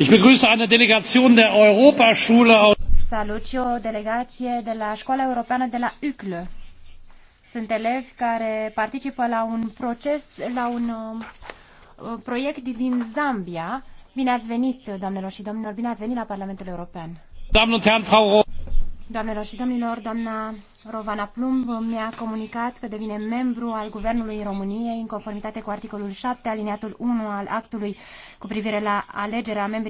Ich begrüße eine Delegation der Europaschule aus Salut și o delegație de la Școala Europeană de la Uclă. Sunt elevi care participă la un proces, la un uh, uh, proiect din Zambia. Bine ați venit, doamnelor și domnilor, bine ați venit la Parlamentul European. Doamnelor și domnilor, doamna Rovana Plumb mi-a comunicat că devine membru al Guvernului României în conformitate cu articolul 7, aliniatul 1 al actului cu privire la alegerea membrilor